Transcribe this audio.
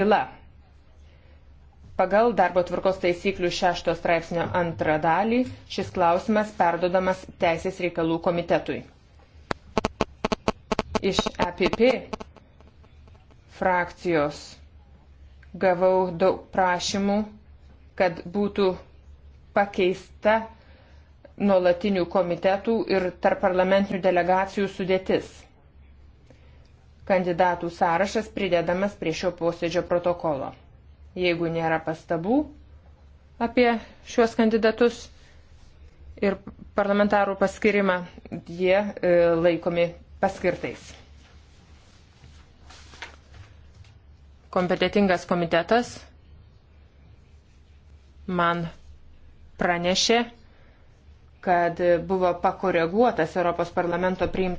byla. Pagal darbo tvarkos taisyklių 6 straipsnio antrą dalį šis klausimas perdodamas Teisės reikalų komitetui. Iš EPP frakcijos gavau daug prašymų, kad būtų pakeista nuolatinių komitetų ir tarp parlamentinių delegacijų sudėtis kandidatų sąrašas pridedamas prie šio posėdžio protokolo. Jeigu nėra pastabų apie šiuos kandidatus ir parlamentarų paskirimą, jie e, laikomi paskirtais. Kompetitingas komitetas man pranešė, kad buvo pakoreguotas Europos parlamento priimtas.